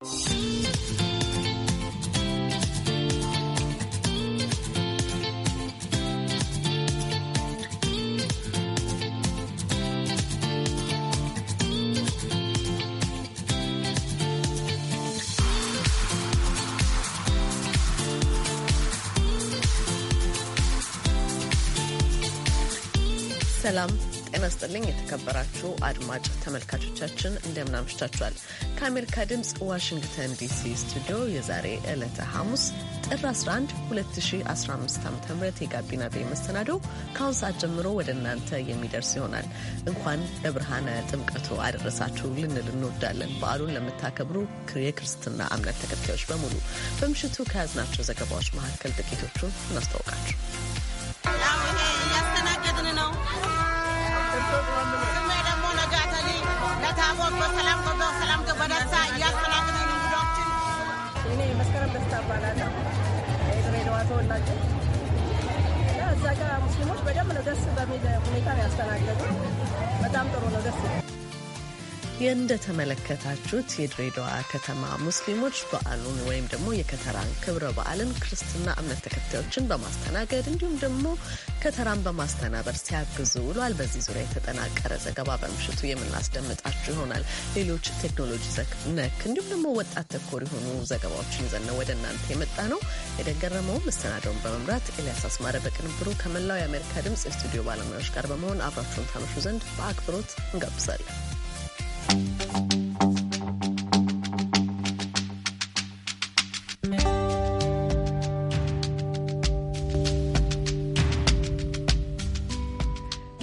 ሰላም ጤና ስጥልኝ የተከበራችሁ አድማጭ ተመልካቾቻችን እንደምናምሽታችኋል። ከአሜሪካ ድምፅ ዋሽንግተን ዲሲ ስቱዲዮ የዛሬ ዕለተ ሐሙስ ጥር 11 2015 ዓ ም የጋቢና ቤ መሰናዶው ከአሁን ሰዓት ጀምሮ ወደ እናንተ የሚደርስ ይሆናል። እንኳን ለብርሃነ ጥምቀቱ አደረሳችሁ ልንል እንወዳለን። በዓሉን ለምታከብሩ የክርስትና እምነት ተከታዮች በሙሉ በምሽቱ ከያዝናቸው ዘገባዎች መካከል ጥቂቶቹን እናስታውቃችሁ። እያስተናገድን ነው። ደግሞ ለታቦት በሰላም በደስታ እያስተናገደ ነው እኔ መስከረም ደስታ እባላለሁ። የድሬዳዋ ተወላጅ እዛ ጋር ሙስሊሞች በደንብ ነው ደስ በሚል ሁኔታ ነው ያስተናገዱ። በጣም ጥሩ ነው፣ ደስ እንደተመለከታችሁት የድሬዳዋ ከተማ ሙስሊሞች በዓሉን ወይም ደግሞ የከተራን ክብረ በዓልን ክርስትና እምነት ተከታዮችን በማስተናገድ እንዲሁም ደግሞ ከተራን በማስተናበር ሲያግዙ ውሏል። በዚህ ዙሪያ የተጠናቀረ ዘገባ በምሽቱ የምናስደምጣችሁ ይሆናል። ሌሎች ቴክኖሎጂ ነክ እንዲሁም ደግሞ ወጣት ተኮር የሆኑ ዘገባዎችን ይዘን ወደ እናንተ የመጣ ነው። የደገረመው መሰናደውን በመምራት ኤልያስ አስማረ፣ በቅንብሩ ከመላው የአሜሪካ ድምጽ የስቱዲዮ ባለሙያዎች ጋር በመሆን አብራችሁን ታመሹ ዘንድ በአክብሮት እንጋብዛለን።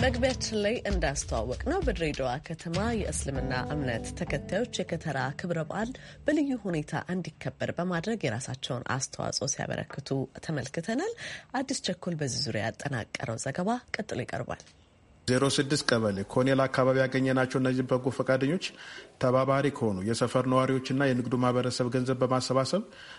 መግቢያችን ላይ እንዳስተዋወቅ ነው በድሬዳዋ ከተማ የእስልምና እምነት ተከታዮች የከተራ ክብረ በዓል በልዩ ሁኔታ እንዲከበር በማድረግ የራሳቸውን አስተዋጽኦ ሲያበረክቱ ተመልክተናል። አዲስ ቸኮል በዚህ ዙሪያ ያጠናቀረው ዘገባ ቀጥሎ ይቀርባል። ዜሮ ስድስት ቀበሌ ኮኔል አካባቢ ያገኘናቸው እነዚህ በጎ ፈቃደኞች ተባባሪ ከሆኑ የሰፈር ነዋሪዎችና የንግዱ ማህበረሰብ ገንዘብ በማሰባሰብ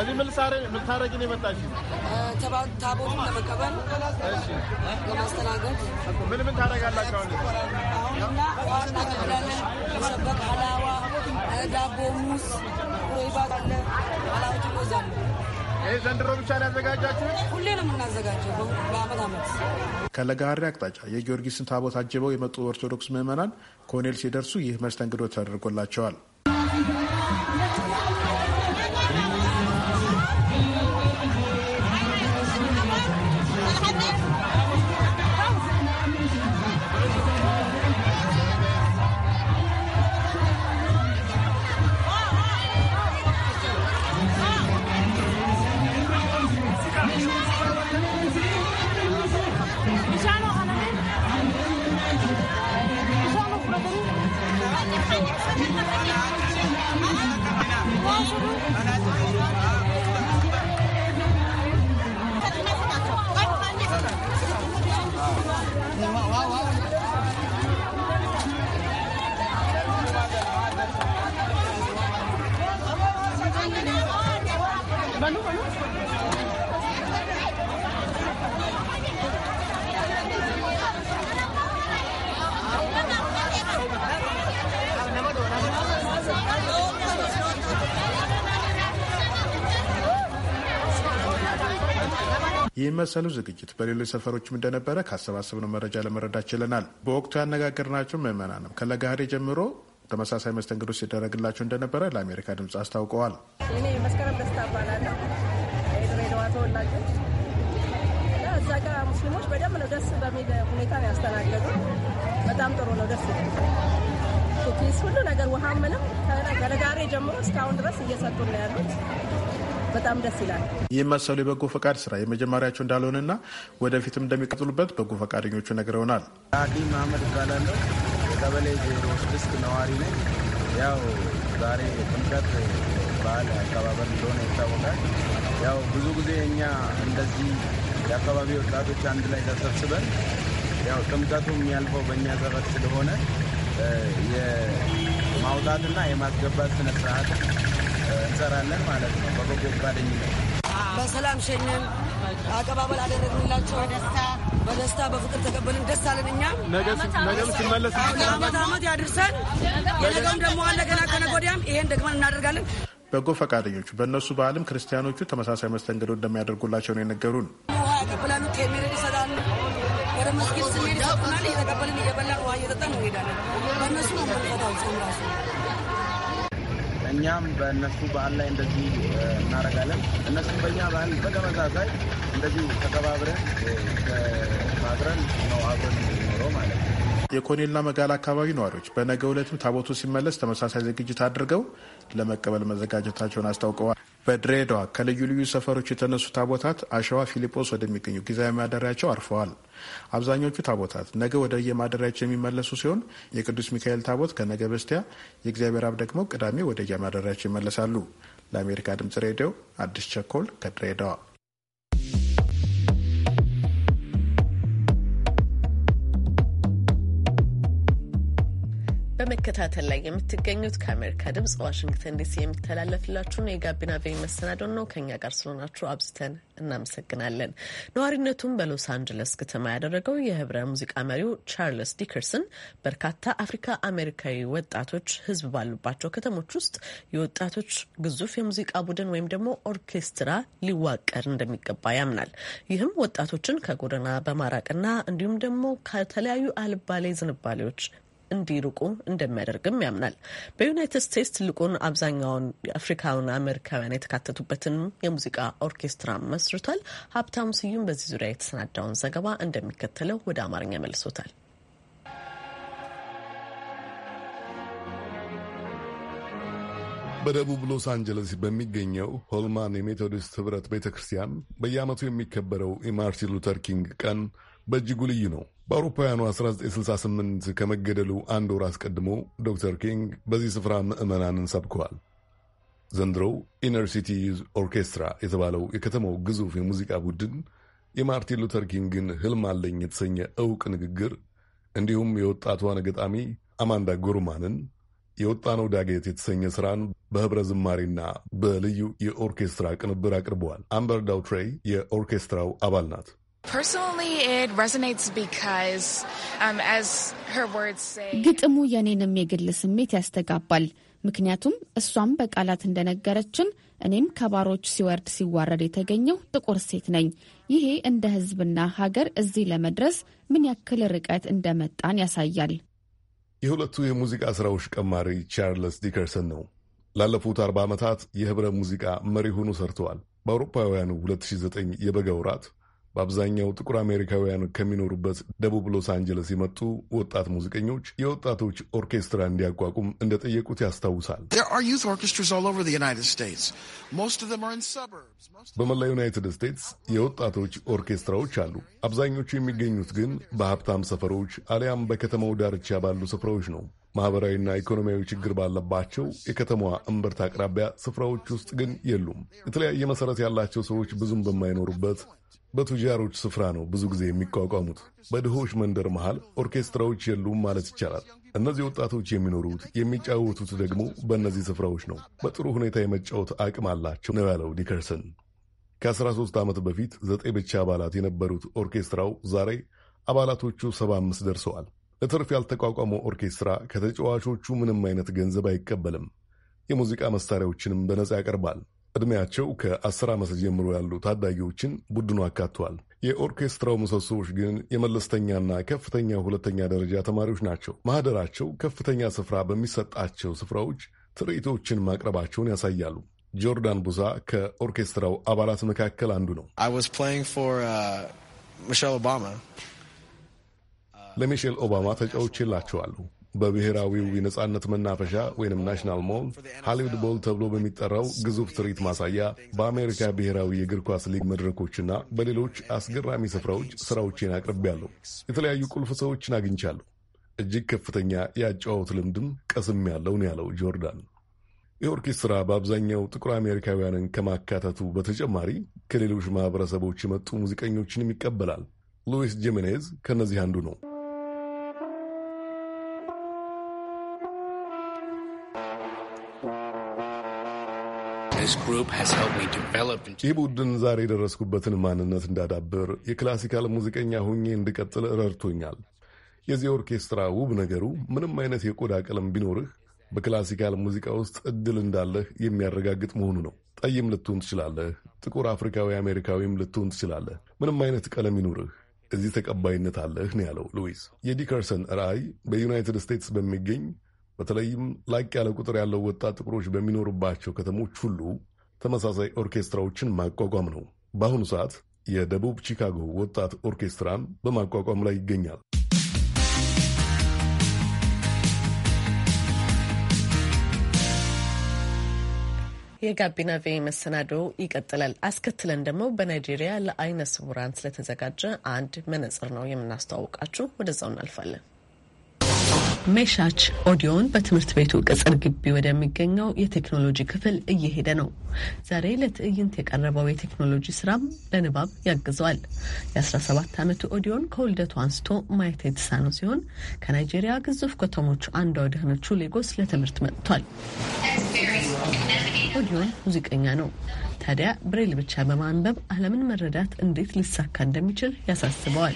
እዚህ ምን ነው የመጣሽ? ታቦቱን ለመቀበል ለማስተናገድ። ምን ምን ታደርጋላችሁ? ዳቦ፣ ሙዝ፣ ሮይባት አለ ሀላዎች ይጎዛሉ ይህ ዘንድሮ ብቻ ነው ያዘጋጃችሁት? ሁሌ ነው የምናዘጋጀው በአመት አመት። ከለጋሪ አቅጣጫ የጊዮርጊስን ታቦት አጅበው የመጡ ኦርቶዶክስ ምዕመናን ኮኔል ሲደርሱ ይህ መስተንግዶ ተደርጎላቸዋል። የመሰሉ ዝግጅት በሌሎች ሰፈሮችም እንደነበረ ካሰባሰብነው መረጃ ለመረዳት ችለናል። በወቅቱ ያነጋገርናቸው ምዕመናንም ከለጋሪ ጀምሮ ተመሳሳይ መስተንግዶ ሲደረግላቸው እንደነበረ ለአሜሪካ ድምፅ አስታውቀዋል። እኔ መስከረም ደስታ እባላለሁ። ተወላጆች እዛ ሙስሊሞች በደንብ ነው ደስ በሚል ሁኔታ ነው ያስተናገዱ። በጣም ጥሩ ነው፣ ደስ ሁሉ ነገር ውሃ ምንም ከለጋሬ ጀምሮ እስካሁን ድረስ እየሰጡ ነው ያሉት በጣም ደስ ይላል። ይህ መሰሉ የበጎ ፈቃድ ስራ የመጀመሪያቸው እንዳልሆነና ወደፊትም እንደሚቀጥሉበት በጎ ፈቃደኞቹ ነግረውናል። አዲ ማህመድ እባላለሁ። ቀበሌ ዜሮ ስድስት ነዋሪ ነኝ። ያው ዛሬ ጥምቀት በዓል አከባበር እንደሆነ ይታወቃል። ያው ብዙ ጊዜ እኛ እንደዚህ የአካባቢ ወጣቶች አንድ ላይ ተሰብስበን ያው ጥምቀቱ የሚያልፈው በእኛ ዘበት ስለሆነ የማውጣትና የማስገባት ስነስርዓት እንሰራለን ማለት ነው። በበጎ ፈቃደኝነት በሰላም ሸኘን፣ አቀባበል አደረግንላቸው። በደስታ በፍቅር ተቀበልን። ደስ አለን። እኛ ነገም ሲመለስ ለአመት አመት ያድርሰን። የነገውም ደግሞ አለ ገና ከነገ ወዲያም ይሄን ደግመን እናደርጋለን። በጎ ፈቃደኞቹ በእነሱ ባህልም ክርስቲያኖቹ ተመሳሳይ መስተንግዶ እንደሚያደርጉላቸው ነው የነገሩን። ውሃ ያቀብላሉ፣ ይሰጣሉ። ወደ መስጊድ ስንሄድ ይሰጡናል። እየተቀበልን እየበላን ውሃ እየጠጣን እንሄዳለን። በእነሱ ነው ጾም ራሱ እኛም በእነሱ በዓል ላይ እንደዚህ እናደርጋለን። እነሱም በእኛ ባህል በተመሳሳይ እንደዚህ ተከባብረን ተባብረን ነው አብረን የሚኖረው ማለት ነው። የኮኔልና መጋላ አካባቢ ነዋሪዎች በነገ ዕለትም ታቦቱ ሲመለስ ተመሳሳይ ዝግጅት አድርገው ለመቀበል መዘጋጀታቸውን አስታውቀዋል። በድሬዳዋ ከልዩ ልዩ ሰፈሮች የተነሱ ታቦታት አሸዋ ፊሊጶስ ወደሚገኙ ጊዜያዊ ማደሪያቸው አርፈዋል። አብዛኞቹ ታቦታት ነገ ወደ የማደሪያቸው የሚመለሱ ሲሆን የቅዱስ ሚካኤል ታቦት ከነገ በስቲያ፣ የእግዚአብሔር አብ ደግሞ ቅዳሜ ወደ የማደሪያቸው ይመለሳሉ። ለአሜሪካ ድምጽ ሬዲዮ አዲስ ቸኮል ከድሬዳዋ በመከታተል ላይ የምትገኙት ከአሜሪካ ድምጽ ዋሽንግተን ዲሲ የሚተላለፍላችሁን የጋቢና ቬይ መሰናዶን ነው። ከኛ ጋር ስለሆናችሁ አብዝተን እናመሰግናለን። ነዋሪነቱን በሎስ አንጀለስ ከተማ ያደረገው የህብረ ሙዚቃ መሪው ቻርልስ ዲከርሰን በርካታ አፍሪካ አሜሪካዊ ወጣቶች ህዝብ ባሉባቸው ከተሞች ውስጥ የወጣቶች ግዙፍ የሙዚቃ ቡድን ወይም ደግሞ ኦርኬስትራ ሊዋቀር እንደሚገባ ያምናል። ይህም ወጣቶችን ከጎዳና በማራቅና እንዲሁም ደግሞ ከተለያዩ አልባሌ ዝንባሌዎች እንዲርቁ እንደሚያደርግም ያምናል። በዩናይትድ ስቴትስ ትልቁን አብዛኛውን አፍሪካውን አሜሪካውያን የተካተቱበትን የሙዚቃ ኦርኬስትራ መስርቷል። ሀብታሙ ስዩም በዚህ ዙሪያ የተሰናዳውን ዘገባ እንደሚከተለው ወደ አማርኛ መልሶታል። በደቡብ ሎስ አንጀለስ በሚገኘው ሆልማን የሜቶዲስት ህብረት ቤተ ክርስቲያን በየዓመቱ የሚከበረው የማርቲን ሉተር ኪንግ ቀን በእጅጉ ልዩ ነው። በአውሮፓውያኑ 1968 ከመገደሉ አንድ ወር አስቀድሞ ዶክተር ኪንግ በዚህ ስፍራ ምዕመናንን ሰብከዋል። ዘንድሮው ኢነር ሲቲ ዩዝ ኦርኬስትራ የተባለው የከተማው ግዙፍ የሙዚቃ ቡድን የማርቲን ሉተር ኪንግን ህልም አለኝ የተሰኘ እውቅ ንግግር እንዲሁም የወጣቷን ገጣሚ አማንዳ ጎርማንን፣ የወጣነው ዳጌት የተሰኘ ስራን በህብረ ዝማሬና በልዩ የኦርኬስትራ ቅንብር አቅርበዋል። አምበር ዳውትሬይ የኦርኬስትራው አባል ናት። Um, ግጥሙ የኔንም የግል ስሜት ያስተጋባል። ምክንያቱም እሷም በቃላት እንደነገረችን እኔም ከባሮች ሲወርድ ሲዋረድ የተገኘው ጥቁር ሴት ነኝ። ይሄ እንደ ሕዝብና ሀገር እዚህ ለመድረስ ምን ያክል ርቀት እንደመጣን ያሳያል። የሁለቱ የሙዚቃ ስራዎች ቀማሪ ቻርልስ ዲከርሰን ነው። ላለፉት አርባ ዓመታት የህብረ ሙዚቃ መሪ ሆኖ ሰርተዋል። በአውሮፓውያኑ 2009 የበጋ ወራት በአብዛኛው ጥቁር አሜሪካውያን ከሚኖሩበት ደቡብ ሎስ አንጀለስ የመጡ ወጣት ሙዚቀኞች የወጣቶች ኦርኬስትራ እንዲያቋቁም እንደጠየቁት ያስታውሳል። በመላ ዩናይትድ ስቴትስ የወጣቶች ኦርኬስትራዎች አሉ። አብዛኞቹ የሚገኙት ግን በሀብታም ሰፈሮች አሊያም በከተማው ዳርቻ ባሉ ስፍራዎች ነው። ማህበራዊና ኢኮኖሚያዊ ችግር ባለባቸው የከተማዋ እምብርት አቅራቢያ ስፍራዎች ውስጥ ግን የሉም። የተለያየ መሰረት ያላቸው ሰዎች ብዙም በማይኖሩበት በቱጃሮች ስፍራ ነው ብዙ ጊዜ የሚቋቋሙት። በድሆች መንደር መሃል ኦርኬስትራዎች የሉም ማለት ይቻላል። እነዚህ ወጣቶች የሚኖሩት የሚጫወቱት ደግሞ በእነዚህ ስፍራዎች ነው። በጥሩ ሁኔታ የመጫወት አቅም አላቸው ነው ያለው ዲከርሰን። ከ13 ዓመት በፊት ዘጠኝ ብቻ አባላት የነበሩት ኦርኬስትራው ዛሬ አባላቶቹ 75 ደርሰዋል። ለትርፍ ያልተቋቋመው ኦርኬስትራ ከተጫዋቾቹ ምንም አይነት ገንዘብ አይቀበልም። የሙዚቃ መሳሪያዎችንም በነጻ ያቀርባል። ዕድሜያቸው ከአስር ዓመት ጀምሮ ያሉ ታዳጊዎችን ቡድኑ አካቷል። የኦርኬስትራው ምሰሶዎች ግን የመለስተኛና ከፍተኛ ሁለተኛ ደረጃ ተማሪዎች ናቸው። ማኅደራቸው ከፍተኛ ስፍራ በሚሰጣቸው ስፍራዎች ትርኢቶችን ማቅረባቸውን ያሳያሉ። ጆርዳን ቡዛ ከኦርኬስትራው አባላት መካከል አንዱ ነው። uh, ለሚሼል ኦባማ ተጫዎች የላቸዋለሁ በብሔራዊው የነጻነት መናፈሻ ወይም ናሽናል ሞል ሃሊውድ ቦል ተብሎ በሚጠራው ግዙፍ ትርኢት ማሳያ፣ በአሜሪካ ብሔራዊ የእግር ኳስ ሊግ መድረኮችና በሌሎች አስገራሚ ስፍራዎች ስራዎቼን አቅርቤያለሁ። የተለያዩ ቁልፍ ሰዎችን አግኝቻለሁ። እጅግ ከፍተኛ የአጫወት ልምድም ቀስም ያለው ነው ያለው ጆርዳን። የኦርኬስትራ በአብዛኛው ጥቁር አሜሪካውያንን ከማካተቱ በተጨማሪ ከሌሎች ማህበረሰቦች የመጡ ሙዚቀኞችንም ይቀበላል። ሉዊስ ጂሜኔዝ ከእነዚህ አንዱ ነው። ይህ ቡድን ዛሬ የደረስኩበትን ማንነት እንዳዳብር የክላሲካል ሙዚቀኛ ሁኜ እንድቀጥል ረድቶኛል። የዚህ ኦርኬስትራ ውብ ነገሩ ምንም አይነት የቆዳ ቀለም ቢኖርህ በክላሲካል ሙዚቃ ውስጥ እድል እንዳለህ የሚያረጋግጥ መሆኑ ነው። ጠይም ልትሆን ትችላለህ። ጥቁር አፍሪካዊ አሜሪካዊም ልትሆን ትችላለህ። ምንም አይነት ቀለም ይኖርህ እዚህ ተቀባይነት አለህ ነው ያለው ሉዊስ። የዲከርሰን ራዕይ በዩናይትድ ስቴትስ በሚገኝ በተለይም ላቅ ያለ ቁጥር ያለው ወጣት ጥቁሮች በሚኖሩባቸው ከተሞች ሁሉ ተመሳሳይ ኦርኬስትራዎችን ማቋቋም ነው። በአሁኑ ሰዓት የደቡብ ቺካጎ ወጣት ኦርኬስትራን በማቋቋም ላይ ይገኛል። የጋቢና ቬ መሰናዶ ይቀጥላል። አስከትለን ደግሞ በናይጄሪያ ለአይነ ስውራን ስለተዘጋጀ አንድ መነጽር ነው የምናስተዋውቃችሁ። ወደዛው እናልፋለን። ሜሻች ኦዲዮን በትምህርት ቤቱ ቅጽር ግቢ ወደሚገኘው የቴክኖሎጂ ክፍል እየሄደ ነው። ዛሬ ለትዕይንት የቀረበው የቴክኖሎጂ ስራም ለንባብ ያግዘዋል። የ17 ዓመቱ ኦዲዮን ከውልደቱ አንስቶ ማየት የተሳነው ሲሆን ከናይጄሪያ ግዙፍ ከተሞች አንዷ ወደሆነችው ሌጎስ ለትምህርት መጥቷል። ኦዲዮን ሙዚቀኛ ነው። ታዲያ ብሬል ብቻ በማንበብ ዓለምን መረዳት እንዴት ሊሳካ እንደሚችል ያሳስበዋል።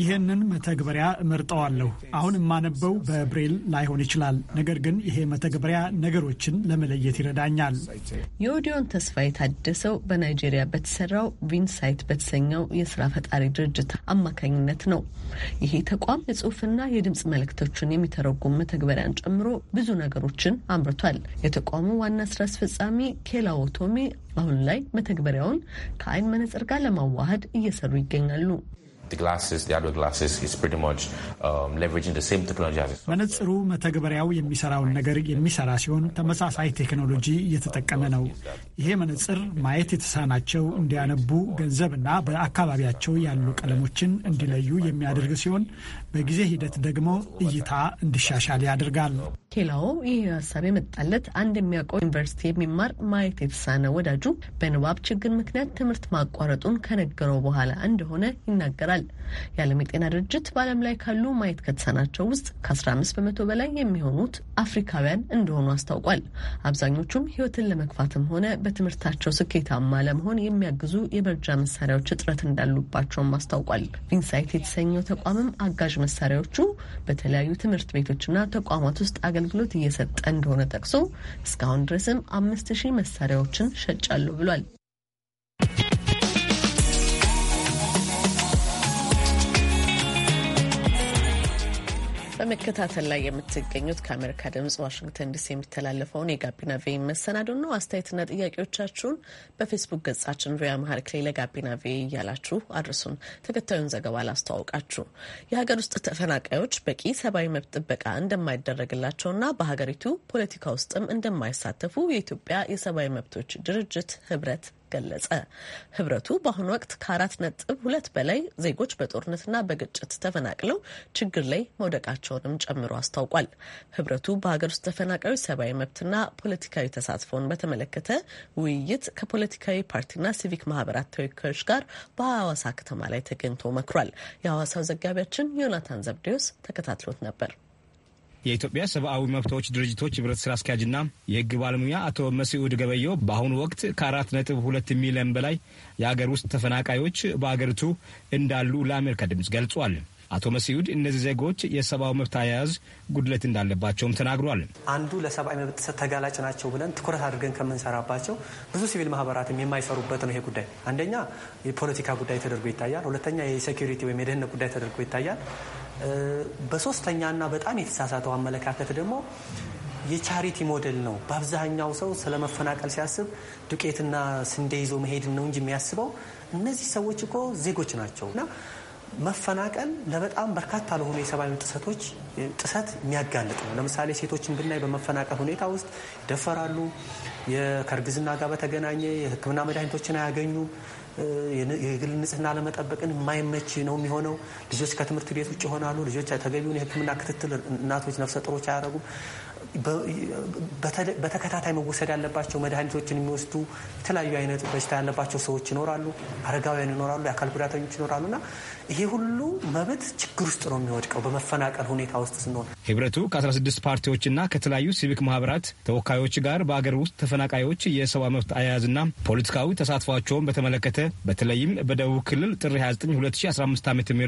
ይህንን መተግበሪያ እመርጠዋለሁ። አሁን የማነበው በብሬል ላይሆን ይችላል፣ ነገር ግን ይሄ መተግበሪያ ነገሮችን ለመለየት ይረዳኛል። የኦዲዮን ተስፋ የታደሰው በናይጄሪያ በተሰራው ቪንሳይት በተሰኘው የስራ ፈጣሪ ድርጅት አማካኝነት ነው። ይሄ ተቋም የጽሁፍና የድምፅ መልእክቶችን የሚተረጉም መተግበሪያን ጨምሮ ብዙ ነገሮችን አምርቷል። የተቋሙ ዋና ስራ አስፈጻሚ ኬላዎቶሜ አሁን ላይ መተግበሪያውን ከአይን መነጽር ጋር ለማዋሃድ እየሰሩ ይገኛሉ። መነጽሩ um, መተግበሪያው የሚሰራውን ነገር የሚሰራ ሲሆን ተመሳሳይ ቴክኖሎጂ እየተጠቀመ ነው። ይሄ መነጽር ማየት የተሳናቸው እንዲያነቡ ገንዘብና በአካባቢያቸው ያሉ ቀለሞችን እንዲለዩ የሚያደርግ ሲሆን በጊዜ ሂደት ደግሞ እይታ እንዲሻሻል ያደርጋል። ኬላው ይህ ሀሳብ የመጣለት አንድ የሚያውቀው ዩኒቨርሲቲ የሚማር ማየት የተሳነ ወዳጁ በንባብ ችግር ምክንያት ትምህርት ማቋረጡን ከነገረው በኋላ እንደሆነ ይናገራል። ገልጸዋል። የዓለም የጤና ድርጅት በዓለም ላይ ካሉ ማየት ከተሳናቸው ውስጥ ከ15 በመቶ በላይ የሚሆኑት አፍሪካውያን እንደሆኑ አስታውቋል። አብዛኞቹም ሕይወትን ለመግፋትም ሆነ በትምህርታቸው ስኬታማ ለመሆን የሚያግዙ የመርጃ መሳሪያዎች እጥረት እንዳሉባቸውም አስታውቋል። ኢንሳይት የተሰኘው ተቋምም አጋዥ መሳሪያዎቹ በተለያዩ ትምህርት ቤቶችና ተቋማት ውስጥ አገልግሎት እየሰጠ እንደሆነ ጠቅሶ እስካሁን ድረስም አምስት ሺህ መሳሪያዎችን ሸጫለሁ ብሏል። በመከታተል ላይ የምትገኙት ከአሜሪካ ድምጽ ዋሽንግተን ዲሲ የሚተላለፈውን የጋቢና ቬ መሰናዶ ነው። አስተያየትና ጥያቄዎቻችሁን በፌስቡክ ገጻችን ቪያ መሀሪክ ላይ ለጋቢና ቬ እያላችሁ አድርሱን። ተከታዩን ዘገባ ላስተዋውቃችሁ። የሀገር ውስጥ ተፈናቃዮች በቂ ሰብአዊ መብት ጥበቃ እንደማይደረግላቸውና በሀገሪቱ ፖለቲካ ውስጥም እንደማይሳተፉ የኢትዮጵያ የሰብአዊ መብቶች ድርጅት ህብረት ገለጸ። ህብረቱ በአሁኑ ወቅት ከአራት ነጥብ ሁለት በላይ ዜጎች በጦርነትና በግጭት ተፈናቅለው ችግር ላይ መውደቃቸውንም ጨምሮ አስታውቋል። ህብረቱ በሀገር ውስጥ ተፈናቃዮች ሰብአዊ መብትና ፖለቲካዊ ተሳትፎን በተመለከተ ውይይት ከፖለቲካዊ ፓርቲና ሲቪክ ማህበራት ተወካዮች ጋር በሐዋሳ ከተማ ላይ ተገኝቶ መክሯል። የሐዋሳው ዘጋቢያችን ዮናታን ዘብዴዎስ ተከታትሎት ነበር። የኢትዮጵያ ሰብአዊ መብቶች ድርጅቶች ህብረት ስራ አስኪያጅና የህግ ባለሙያ አቶ መስዑድ ገበዮ በአሁኑ ወቅት ከአራት ነጥብ ሁለት ሚሊዮን በላይ የአገር ውስጥ ተፈናቃዮች በአገሪቱ እንዳሉ ለአሜሪካ ድምፅ ገልጿል። አቶ መስዑድ እነዚህ ዜጎች የሰብአዊ መብት አያያዝ ጉድለት እንዳለባቸውም ተናግሯል። አንዱ ለሰብአዊ መብት ጥሰት ተጋላጭ ናቸው ብለን ትኩረት አድርገን ከምንሰራባቸው ብዙ ሲቪል ማህበራትም የማይሰሩበት ነው ይሄ ጉዳይ። አንደኛ የፖለቲካ ጉዳይ ተደርጎ ይታያል። ሁለተኛ የሴኩሪቲ ወይም የደህንነት ጉዳይ ተደርጎ ይታያል። በሶስተኛና በጣም የተሳሳተው አመለካከት ደግሞ የቻሪቲ ሞዴል ነው። በአብዛኛው ሰው ስለ መፈናቀል ሲያስብ ዱቄትና ስንዴ ይዞ መሄድን ነው እንጂ የሚያስበው እነዚህ ሰዎች እኮ ዜጎች ናቸው እና መፈናቀል ለበጣም በርካታ ለሆኑ የሰብአዊ ጥሰቶች ጥሰት የሚያጋልጥ ነው። ለምሳሌ ሴቶችን ብናይ በመፈናቀል ሁኔታ ውስጥ ይደፈራሉ። ከእርግዝና ጋር በተገናኘ የሕክምና መድኃኒቶችን አያገኙም። የግል ንጽህና ለመጠበቅን የማይመች ነው የሚሆነው። ልጆች ከትምህርት ቤት ውጭ ይሆናሉ። ልጆች ተገቢውን የህክምና ክትትል እናቶች ነፍሰ ጡሮች በተከታታይ መወሰድ ያለባቸው መድኃኒቶችን የሚወስዱ የተለያዩ አይነት በሽታ ያለባቸው ሰዎች ይኖራሉ፣ አረጋውያን ይኖራሉ፣ የአካል ጉዳተኞች ይኖራሉ እና ይሄ ሁሉ መብት ችግር ውስጥ ነው የሚወድቀው በመፈናቀል ሁኔታ ውስጥ ስንሆን። ህብረቱ ከ16 ፓርቲዎችና ከተለያዩ ሲቪክ ማህበራት ተወካዮች ጋር በአገር ውስጥ ተፈናቃዮች የሰብአዊ መብት አያያዝና ፖለቲካዊ ተሳትፏቸውን በተመለከተ በተለይም በደቡብ ክልል ጥር 29 2015 ዓ ም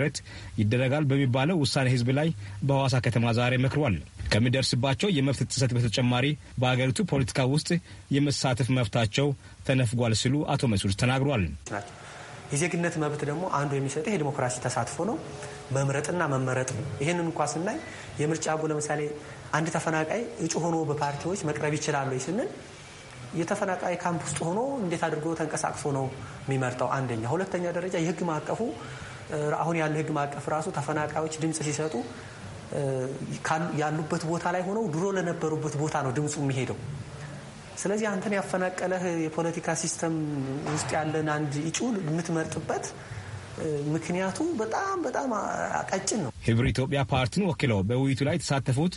ይደረጋል በሚባለው ውሳኔ ህዝብ ላይ በሐዋሳ ከተማ ዛሬ መክሯል። ከሚደርስባቸው መብት ጥሰት በተጨማሪ በሀገሪቱ ፖለቲካ ውስጥ የመሳተፍ መብታቸው ተነፍጓል ሲሉ አቶ መስዑድ ተናግሯል። የዜግነት መብት ደግሞ አንዱ የሚሰጠ የዲሞክራሲ ተሳትፎ ነው። መምረጥና መመረጥ ነው። ይህንን እንኳ ስናይ የምርጫ ህጉ ለምሳሌ አንድ ተፈናቃይ እጩ ሆኖ በፓርቲዎች መቅረብ ይችላሉ ስንል የተፈናቃይ ካምፕ ውስጥ ሆኖ እንዴት አድርጎ ተንቀሳቅሶ ነው የሚመርጠው? አንደኛ። ሁለተኛ ደረጃ የህግ ማዕቀፉ አሁን ያለው ህግ ማዕቀፍ ራሱ ተፈናቃዮች ድምፅ ሲሰጡ ያሉበት ቦታ ላይ ሆነው ድሮ ለነበሩበት ቦታ ነው ድምፁ የሚሄደው። ስለዚህ አንተን ያፈናቀለህ የፖለቲካ ሲስተም ውስጥ ያለን አንድ እጩ የምትመርጥበት ምክንያቱ በጣም በጣም ቀጭን ነው። ህብር ኢትዮጵያ ፓርቲን ወክለው በውይይቱ ላይ የተሳተፉት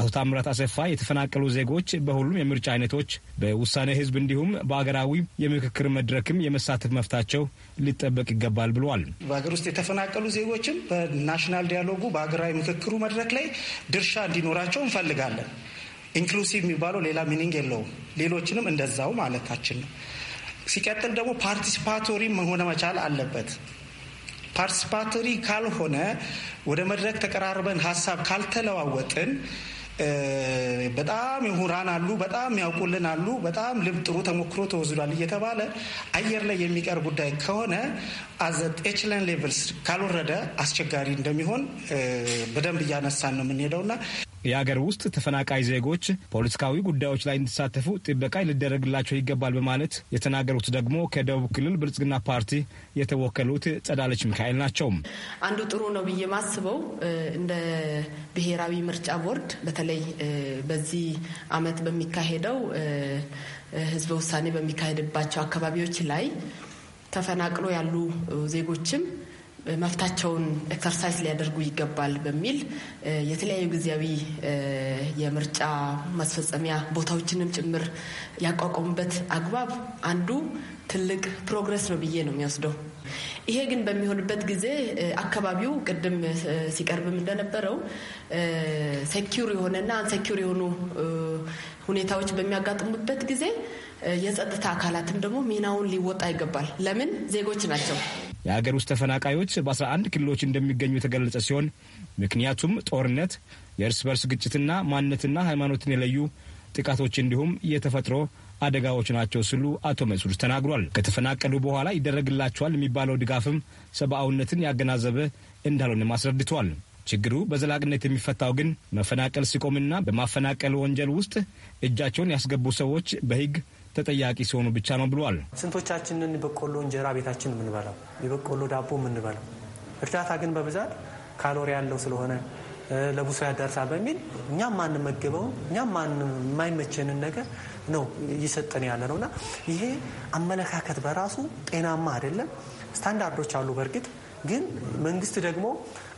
አቶ ታምራት አሰፋ የተፈናቀሉ ዜጎች በሁሉም የምርጫ አይነቶች በውሳኔ ህዝብ እንዲሁም በአገራዊ የምክክር መድረክም የመሳተፍ መፍታቸው ሊጠበቅ ይገባል ብለዋል። በሀገር ውስጥ የተፈናቀሉ ዜጎችም በናሽናል ዲያሎጉ በሀገራዊ ምክክሩ መድረክ ላይ ድርሻ እንዲኖራቸው እንፈልጋለን። ኢንክሉሲቭ የሚባለው ሌላ ሚኒንግ የለውም። ሌሎችንም እንደዛው ማለታችን ነው። ሲቀጥል ደግሞ ፓርቲሲፓቶሪ መሆን መቻል አለበት። ፓርቲሲፓቶሪ ካልሆነ ወደ መድረክ ተቀራርበን ሀሳብ ካልተለዋወጥን በጣም ምሁራን አሉ፣ በጣም ያውቁልን አሉ፣ በጣም ልብ ጥሩ ተሞክሮ ተወስዷል እየተባለ አየር ላይ የሚቀር ጉዳይ ከሆነ አዘት ኤችለን ሌቭልስ ካልወረደ አስቸጋሪ እንደሚሆን በደንብ እያነሳን ነው የምንሄደውና የአገር ውስጥ ተፈናቃይ ዜጎች ፖለቲካዊ ጉዳዮች ላይ እንዲሳተፉ ጥበቃ ሊደረግላቸው ይገባል በማለት የተናገሩት ደግሞ ከደቡብ ክልል ብልጽግና ፓርቲ የተወከሉት ጸዳለች ሚካኤል ናቸው። አንዱ ጥሩ ነው ብዬ ማስበው እንደ ብሔራዊ ምርጫ ቦርድ በተለይ በዚህ አመት በሚካሄደው ህዝበ ውሳኔ በሚካሄድባቸው አካባቢዎች ላይ ተፈናቅሎ ያሉ ዜጎችም መብታቸውን ኤክሰርሳይዝ ሊያደርጉ ይገባል በሚል የተለያዩ ጊዜያዊ የምርጫ ማስፈጸሚያ ቦታዎችንም ጭምር ያቋቋሙበት አግባብ አንዱ ትልቅ ፕሮግረስ ነው ብዬ ነው የሚወስደው። ይሄ ግን በሚሆንበት ጊዜ አካባቢው ቅድም ሲቀርብም እንደነበረው ሴኪር የሆነና አንሴኪር የሆኑ ሁኔታዎች በሚያጋጥሙበት ጊዜ የጸጥታ አካላትም ደግሞ ሚናውን ሊወጣ ይገባል። ለምን ዜጎች ናቸው። የአገር ውስጥ ተፈናቃዮች በ11 ክልሎች እንደሚገኙ የተገለጸ ሲሆን ምክንያቱም ጦርነት፣ የእርስ በርስ ግጭትና ማንነትና ሃይማኖትን የለዩ ጥቃቶች እንዲሁም የተፈጥሮ አደጋዎች ናቸው ሲሉ አቶ መንሱር ተናግሯል። ከተፈናቀሉ በኋላ ይደረግላቸዋል የሚባለው ድጋፍም ሰብአዊነትን ያገናዘበ እንዳልሆነም አስረድቷል። ችግሩ በዘላቅነት የሚፈታው ግን መፈናቀል ሲቆምና በማፈናቀል ወንጀል ውስጥ እጃቸውን ያስገቡ ሰዎች በሕግ ተጠያቂ ሲሆኑ ብቻ ነው ብሏል። ስንቶቻችንን የበቆሎ እንጀራ ቤታችን የምንበላው የበቆሎ ዳቦ የምንበላው፣ እርዳታ ግን በብዛት ካሎሪ ያለው ስለሆነ ለብሶ ያደርሳል በሚል እኛም ማንመገበውን እኛም የማይመቸንን ነገር ነው እየሰጠን ያለ ነው እና ይሄ አመለካከት በራሱ ጤናማ አይደለም። ስታንዳርዶች አሉ በእርግጥ ግን መንግስት ደግሞ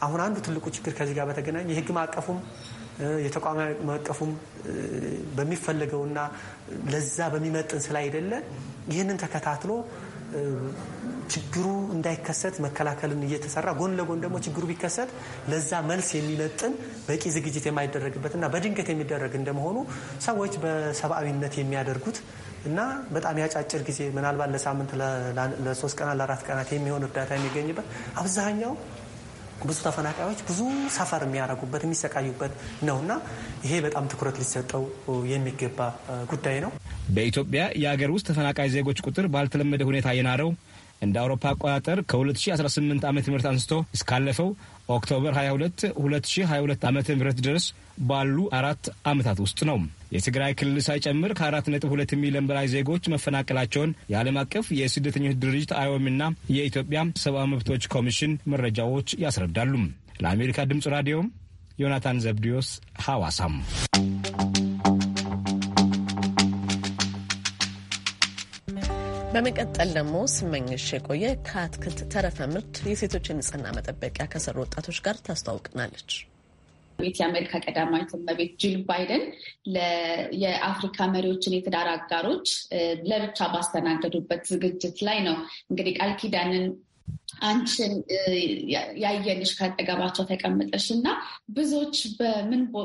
አሁን አንዱ ትልቁ ችግር ከዚህ ጋር በተገናኘ የህግ ማዕቀፉም የተቋማዊ መቀፉም በሚፈለገውና ለዛ በሚመጥን ስላይደለ ይህንን ተከታትሎ ችግሩ እንዳይከሰት መከላከልን እየተሰራ ጎን ለጎን ደግሞ ችግሩ ቢከሰት ለዛ መልስ የሚመጥን በቂ ዝግጅት የማይደረግበትና በድንገት የሚደረግ እንደመሆኑ ሰዎች በሰብአዊነት የሚያደርጉት እና በጣም ያጫጭር ጊዜ ምናልባት ለሳምንት ለሶስት ቀናት ለአራት ቀናት የሚሆን እርዳታ የሚገኝበት አብዛኛው ብዙ ተፈናቃዮች ብዙ ሰፈር የሚያደርጉበት የሚሰቃዩበት ነውና ይሄ በጣም ትኩረት ሊሰጠው የሚገባ ጉዳይ ነው። በኢትዮጵያ የአገር ውስጥ ተፈናቃይ ዜጎች ቁጥር ባልተለመደ ሁኔታ የናረው እንደ አውሮፓ አቆጣጠር ከ2018 ዓ ም አንስቶ እስካለፈው ኦክቶበር 22 2022 ዓ ም ድረስ ባሉ አራት ዓመታት ውስጥ ነው። የትግራይ ክልል ሳይጨምር ከ4.2 ሚሊዮን በላይ ዜጎች መፈናቀላቸውን የዓለም አቀፍ የስደተኞች ድርጅት አይኦምና የኢትዮጵያ ሰብአዊ መብቶች ኮሚሽን መረጃዎች ያስረዳሉ። ለአሜሪካ ድምፅ ራዲዮ ዮናታን ዘብዲዮስ ሐዋሳም በመቀጠል ደግሞ ስመኝሽ የቆየ ከአትክልት ተረፈ ምርት የሴቶችን ንጽህና መጠበቂያ ከሰሩ ወጣቶች ጋር ታስተዋውቅናለች። ቤት የአሜሪካ ቀዳማዊት እመቤት ጂል ባይደን የአፍሪካ መሪዎችን የትዳር አጋሮች ለብቻ ባስተናገዱበት ዝግጅት ላይ ነው እንግዲህ ቃል ኪዳንን አንቺን ያየንሽ ካጠገባቸው ተቀምጠሽ እና ብዙዎች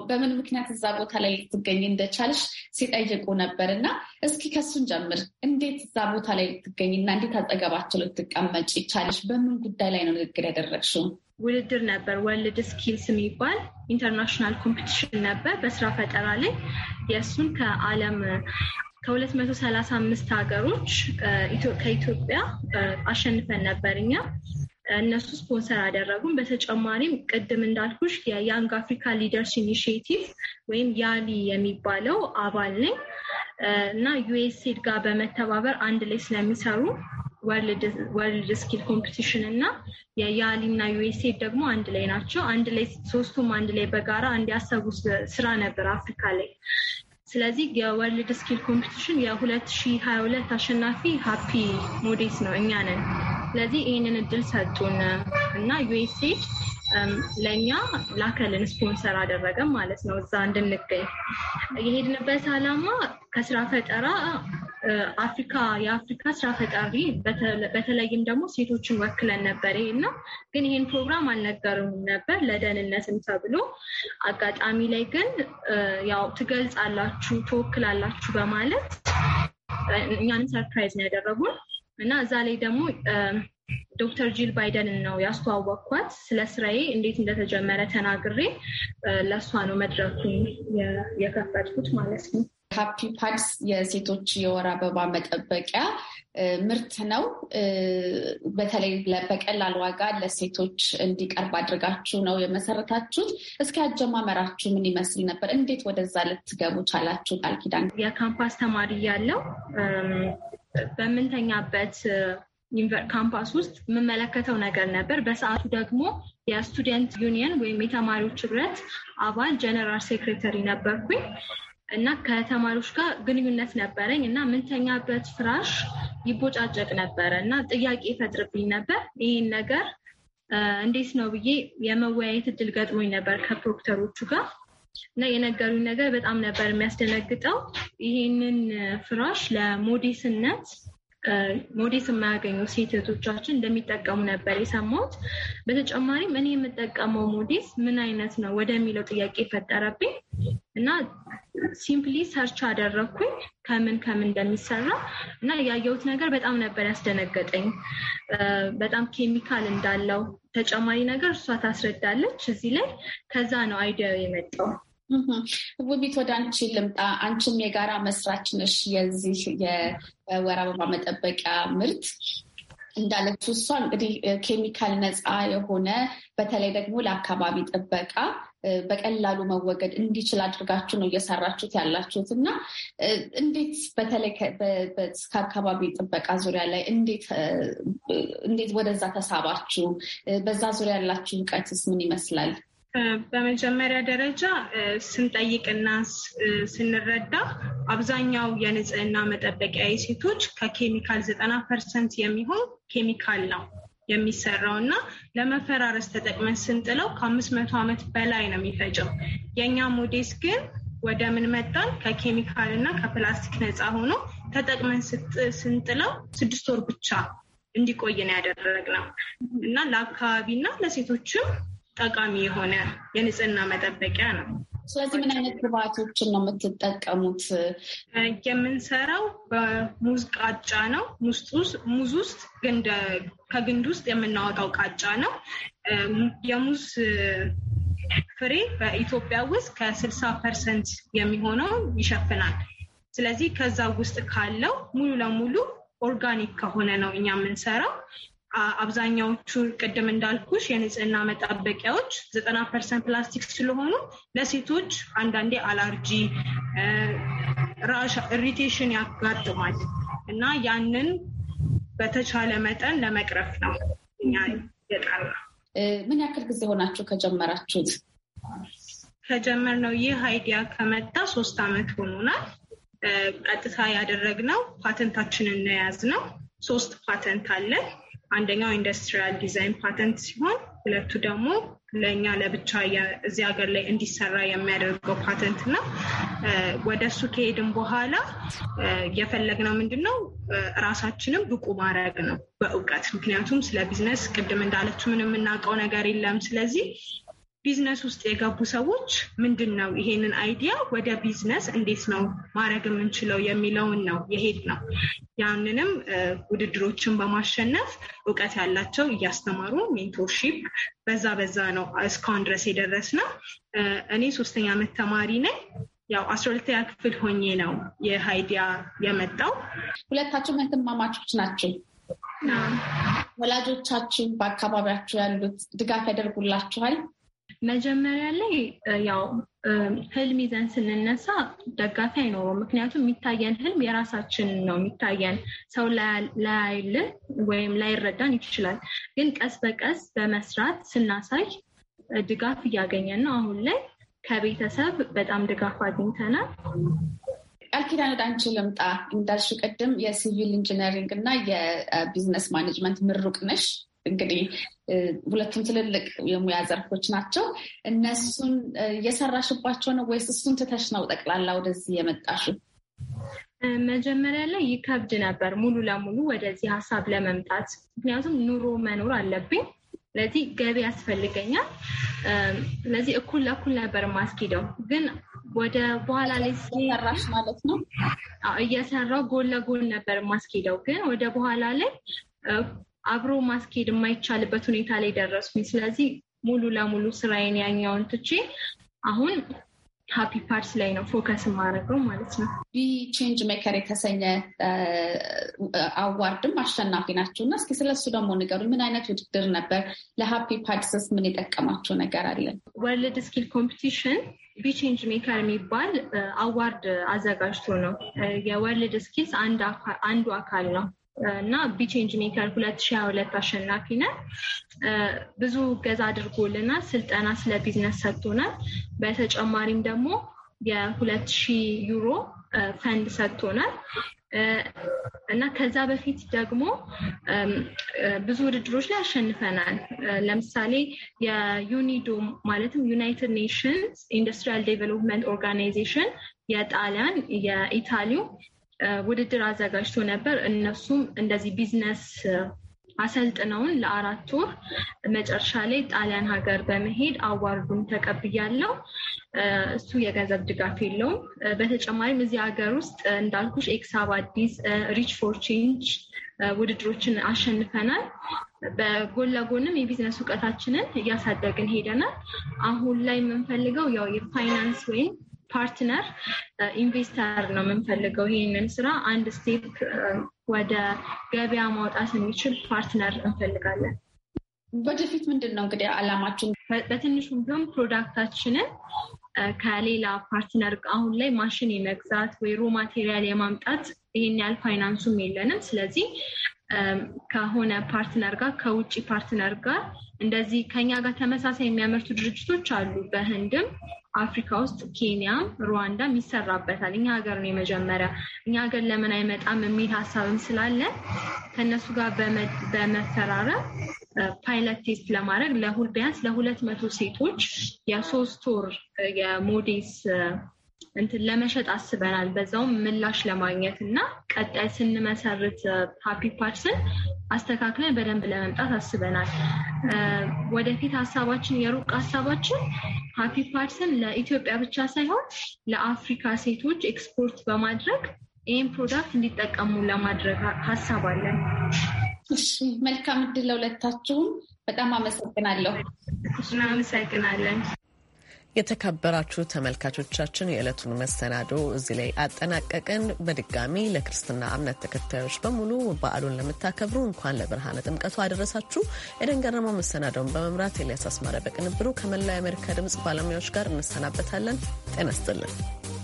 በምን ምክንያት እዛ ቦታ ላይ ልትገኝ እንደቻልሽ ሲጠይቁ ነበር እና እስኪ ከሱን ጀምር። እንዴት እዛ ቦታ ላይ ልትገኝ እና እንዴት አጠገባቸው ልትቀመጭ ይቻልሽ? በምን ጉዳይ ላይ ነው ንግግር ያደረግሽው? ውድድር ነበር። ወርልድ ስኪልስ የሚባል ኢንተርናሽናል ኮምፒቲሽን ነበር በስራ ፈጠራ ላይ የእሱን ከዓለም ከ235 ሀገሮች ከኢትዮጵያ አሸንፈን ነበር እኛ እነሱ ስፖንሰር አደረጉም በተጨማሪም ቅድም እንዳልኩሽ የያንግ አፍሪካ ሊደርስ ኢኒሽቲቭ ወይም ያሊ የሚባለው አባል ነኝ እና ዩኤስኤድ ጋር በመተባበር አንድ ላይ ስለሚሰሩ ወርልድ ስኪል ኮምፒቲሽን እና የያሊ እና ዩኤስኤድ ደግሞ አንድ ላይ ናቸው። አንድ ላይ ሶስቱም አንድ ላይ በጋራ እንዲያሰቡ ስራ ነበር አፍሪካ ላይ ስለዚህ የወርልድ ስኪል ኮምፒቲሽን የ2022 አሸናፊ ሀፒ ሞዴስ ነው እኛ ነን። ስለዚህ ይህንን እድል ሰጡን እና ዩኤስኤ ለእኛ ላከልን ስፖንሰር አደረገም ማለት ነው። እዛ እንድንገኝ የሄድንበት አላማ ከስራ ፈጠራ አፍሪካ የአፍሪካ ስራ ፈጣሪ በተለይም ደግሞ ሴቶችን ወክለን ነበር። ይሄና ግን ይሄን ፕሮግራም አልነገርም ነበር ለደህንነትም ተብሎ አጋጣሚ ላይ ግን ያው ትገልጻላችሁ፣ ትወክላላችሁ በማለት እኛንም ሰርፕራይዝ ነው ያደረጉን እና እዛ ላይ ደግሞ ዶክተር ጂል ባይደንን ነው ያስተዋወቅኳት። ስለ ስራዬ እንዴት እንደተጀመረ ተናግሬ ለእሷ ነው መድረኩን የከፈትኩት ማለት ነው። ሃፒ ፓድስ የሴቶች የወር አበባ መጠበቂያ ምርት ነው። በተለይ በቀላል ዋጋ ለሴቶች እንዲቀርብ አድርጋችሁ ነው የመሰረታችሁት። እስኪ አጀማመራችሁ ምን ይመስል ነበር? እንዴት ወደዛ ልትገቡ ቻላችሁ? ቃል ኪዳን የካምፓስ ተማሪ ያለው በምንተኛበት ካምፓስ ውስጥ የምመለከተው ነገር ነበር። በሰዓቱ ደግሞ የስቱደንት ዩኒየን ወይም የተማሪዎች ህብረት አባል ጀነራል ሴክሬተሪ ነበርኩኝ እና ከተማሪዎች ጋር ግንኙነት ነበረኝ እና ምንተኛበት ፍራሽ ይቦጫጨቅ ነበረ እና ጥያቄ ይፈጥርብኝ ነበር። ይህን ነገር እንዴት ነው ብዬ የመወያየት እድል ገጥሞኝ ነበር ከፕሮክተሮቹ ጋር እና የነገሩኝ ነገር በጣም ነበር የሚያስደነግጠው። ይህንን ፍራሽ ለሞዴስነት ሞዴስ የማያገኙ ሴት እህቶቻችን እንደሚጠቀሙ ነበር የሰማሁት። በተጨማሪም እኔ የምጠቀመው ሞዴስ ምን አይነት ነው ወደሚለው ጥያቄ ፈጠረብኝ እና ሲምፕሊ ሰርች አደረግኩኝ ከምን ከምን እንደሚሰራ እና ያየሁት ነገር በጣም ነበር ያስደነገጠኝ። በጣም ኬሚካል እንዳለው ተጨማሪ ነገር እሷ ታስረዳለች እዚህ ላይ። ከዛ ነው አይዲያው የመጣው። ውቢት ወደ አንቺ ልምጣ። አንቺም የጋራ መስራች ነሽ የዚህ የወር አበባ መጠበቂያ ምርት እንዳለች እሷ እንግዲህ ኬሚካል ነፃ የሆነ በተለይ ደግሞ ለአካባቢ ጥበቃ በቀላሉ መወገድ እንዲችል አድርጋችሁ ነው እየሰራችሁት ያላችሁት እና እንዴት በተለይ ከአካባቢ ጥበቃ ዙሪያ ላይ እንዴት ወደዛ ተሳባችሁ? በዛ ዙሪያ ያላችሁ እውቀትስ ምን ይመስላል? በመጀመሪያ ደረጃ ስንጠይቅና ስንረዳ አብዛኛው የንጽህና መጠበቂያ የሴቶች ከኬሚካል ዘጠና ፐርሰንት የሚሆን ኬሚካል ነው የሚሰራው እና ለመፈራረስ ተጠቅመን ስንጥለው ከአምስት መቶ ዓመት በላይ ነው የሚፈጀው። የእኛ ሞዴስ ግን ወደ ምን መጣን? ከኬሚካል እና ከፕላስቲክ ነፃ ሆኖ ተጠቅመን ስንጥለው ስድስት ወር ብቻ እንዲቆይ ነው ያደረግነው እና ለአካባቢና ለሴቶችም ጠቃሚ የሆነ የንጽህና መጠበቂያ ነው። ስለዚህ ምን አይነት ግብአቶችን ነው የምትጠቀሙት? የምንሰራው በሙዝ ቃጫ ነው። ሙዝ ውስጥ ከግንድ ውስጥ የምናወጣው ቃጫ ነው። የሙዝ ፍሬ በኢትዮጵያ ውስጥ ከስልሳ ፐርሰንት የሚሆነው ይሸፍናል። ስለዚህ ከዛ ውስጥ ካለው ሙሉ ለሙሉ ኦርጋኒክ ከሆነ ነው እኛ የምንሰራው አብዛኛዎቹ ቅድም እንዳልኩሽ የንጽህና መጠበቂያዎች ዘጠና ፐርሰንት ፕላስቲክ ስለሆኑ ለሴቶች አንዳንዴ አላርጂ ራሽ ኢሪቴሽን ያጋጥማል እና ያንን በተቻለ መጠን ለመቅረፍ ነው እኛ የጠራ። ምን ያክል ጊዜ ሆናችሁ ከጀመራችሁት? ከጀመርነው ይህ አይዲያ ከመጣ ሶስት አመት ሆኖናል። ቀጥታ ያደረግነው ፓተንታችንን የያዝ ነው። ሶስት ፓተንት አለን። አንደኛው ኢንዱስትሪያል ዲዛይን ፓተንት ሲሆን ሁለቱ ደግሞ ለእኛ ለብቻ እዚህ ሀገር ላይ እንዲሰራ የሚያደርገው ፓተንት ነው። ወደ እሱ ከሄድን በኋላ የፈለግነው ምንድን ነው ራሳችንም ብቁ ማድረግ ነው በእውቀት ምክንያቱም ስለ ቢዝነስ ቅድም እንዳለችው ምንም የምናውቀው ነገር የለም። ስለዚህ ቢዝነስ ውስጥ የገቡ ሰዎች ምንድን ነው ይሄንን አይዲያ ወደ ቢዝነስ እንዴት ነው ማድረግ የምንችለው የሚለውን ነው የሄድ ነው። ያንንም ውድድሮችን በማሸነፍ እውቀት ያላቸው እያስተማሩ ሜንቶርሺፕ፣ በዛ በዛ ነው እስካሁን ድረስ የደረስ ነው። እኔ ሶስተኛ ዓመት ተማሪ ነኝ። ያው አስራሁለተኛ ክፍል ሆኜ ነው ይህ አይዲያ የመጣው። ሁለታቸው እህትማማቾች ናቸው። ወላጆቻችን በአካባቢያችሁ ያሉት ድጋፍ ያደርጉላችኋል? መጀመሪያ ላይ ያው ህልም ይዘን ስንነሳ ደጋፊ አይኖረውም። ምክንያቱም የሚታየን ህልም የራሳችን ነው የሚታየን ሰው ላያይልን ወይም ላይረዳን ይችላል። ግን ቀስ በቀስ በመስራት ስናሳይ ድጋፍ እያገኘን ነው። አሁን ላይ ከቤተሰብ በጣም ድጋፍ አግኝተናል። ቃል ኪዳን ወደ አንቺ ልምጣ። እንዳልሽው ቅድም የሲቪል ኢንጂነሪንግ እና የቢዝነስ ማኔጅመንት ምሩቅ ነሽ። እንግዲህ ሁለቱም ትልልቅ የሙያ ዘርፎች ናቸው። እነሱን እየሰራሽባቸው ነው ወይስ እሱን ትተሽ ነው ጠቅላላ ወደዚህ የመጣሹ? መጀመሪያ ላይ ይከብድ ነበር ሙሉ ለሙሉ ወደዚህ ሀሳብ ለመምጣት ምክንያቱም ኑሮ መኖር አለብኝ። ስለዚህ ገቢ ያስፈልገኛል። ስለዚህ እኩል ለኩል ነበር ማስኪደው ግን ወደ በኋላ ላይ ሰራሽ ማለት ነው እየሰራው ጎን ለጎን ነበር ማስኪደው ግን ወደ በኋላ ላይ አብሮ ማስኬድ የማይቻልበት ሁኔታ ላይ ደረስኩኝ። ስለዚህ ሙሉ ለሙሉ ስራዬን ያኛውን ትቼ አሁን ሀፒ ፓርስ ላይ ነው ፎከስ የማደርገው ማለት ነው። ይህ ቼንጅ ሜከር የተሰኘ አዋርድም አሸናፊ ናቸው እና እስኪ ስለሱ ደግሞ ንገሩ። ምን አይነት ውድድር ነበር? ለሀፒ ፓርስስ ምን የጠቀማቸው ነገር አለን? ወርልድ ስኪል ኮምፒቲሽን ቢቼንጅ ሜከር የሚባል አዋርድ አዘጋጅቶ ነው። የወርልድ ስኪልስ አንዱ አካል ነው። እና ቢቼንጅ ሜከር ሁለት ሺህ ሁለት አሸናፊ ነን። ብዙ ገዛ አድርጎልናል። ስልጠና ስለ ቢዝነስ ሰጥቶናል። በተጨማሪም ደግሞ የሁለት ሺ ዩሮ ፈንድ ሰጥቶናል እና ከዛ በፊት ደግሞ ብዙ ውድድሮች ላይ አሸንፈናል። ለምሳሌ የዩኒዶ ማለትም ዩናይትድ ኔሽንስ ኢንዱስትሪያል ዴቨሎፕመንት ኦርጋናይዜሽን የጣሊያን የኢታሊው ውድድር አዘጋጅቶ ነበር። እነሱም እንደዚህ ቢዝነስ አሰልጥነውን ለአራት ወር መጨረሻ ላይ ጣሊያን ሀገር በመሄድ አዋርዱን ተቀብያለው። እሱ የገንዘብ ድጋፍ የለውም። በተጨማሪም እዚህ ሀገር ውስጥ እንዳልኩሽ ኤክሳብ አዲስ፣ ሪች ፎር ቼንጅ ውድድሮችን አሸንፈናል። በጎን ለጎንም የቢዝነስ እውቀታችንን እያሳደግን ሄደናል። አሁን ላይ የምንፈልገው ያው የፋይናንስ ወይም ፓርትነር ኢንቨስተር ነው የምንፈልገው። ይህንን ስራ አንድ ስቴፕ ወደ ገበያ ማውጣት የሚችል ፓርትነር እንፈልጋለን። ወደፊት ምንድን ነው እንግዲህ አላማችን? በትንሹም ቢሆን ፕሮዳክታችንን ከሌላ ፓርትነር አሁን ላይ ማሽን የመግዛት ወይ ሮ ማቴሪያል የማምጣት ይህን ያህል ፋይናንሱም የለንም። ስለዚህ ከሆነ ፓርትነር ጋር ከውጭ ፓርትነር ጋር እንደዚህ ከኛ ጋር ተመሳሳይ የሚያመርቱ ድርጅቶች አሉ። በህንድም አፍሪካ ውስጥ ኬንያም ሩዋንዳም ይሰራበታል። እኛ ሀገር ነው የመጀመሪያ። እኛ ሀገር ለምን አይመጣም የሚል ሀሳብም ስላለ ከእነሱ ጋር በመፈራረብ ፓይለት ቴስት ለማድረግ ለሁል ቢያንስ ለሁለት መቶ ሴቶች የሶስት ወር የሞዴስ እንትን ለመሸጥ አስበናል። በዛውም ምላሽ ለማግኘት እና ቀጣይ ስንመሰርት ሀፒ ፓርስን አስተካክለን በደንብ ለመምጣት አስበናል። ወደፊት ሀሳባችን የሩቅ ሀሳባችን ሀፒ ፓርስን ለኢትዮጵያ ብቻ ሳይሆን ለአፍሪካ ሴቶች ኤክስፖርት በማድረግ ይህን ፕሮዳክት እንዲጠቀሙ ለማድረግ ሀሳብ አለን። እሺ፣ መልካም እድል ለሁለታችሁም። በጣም አመሰግናለሁ። እናመሰግናለን። የተከበራችሁ ተመልካቾቻችን የዕለቱን መሰናዶ እዚህ ላይ አጠናቀቅን። በድጋሚ ለክርስትና እምነት ተከታዮች በሙሉ በዓሉን ለምታከብሩ እንኳን ለብርሃነ ጥምቀቱ አደረሳችሁ። ኤደን ገረመው መሰናዶውን በመምራት ኤልያስ አስማረ በቅንብሩ ከመላው የአሜሪካ ድምፅ ባለሙያዎች ጋር እንሰናበታለን። ጤና ይስጥልን።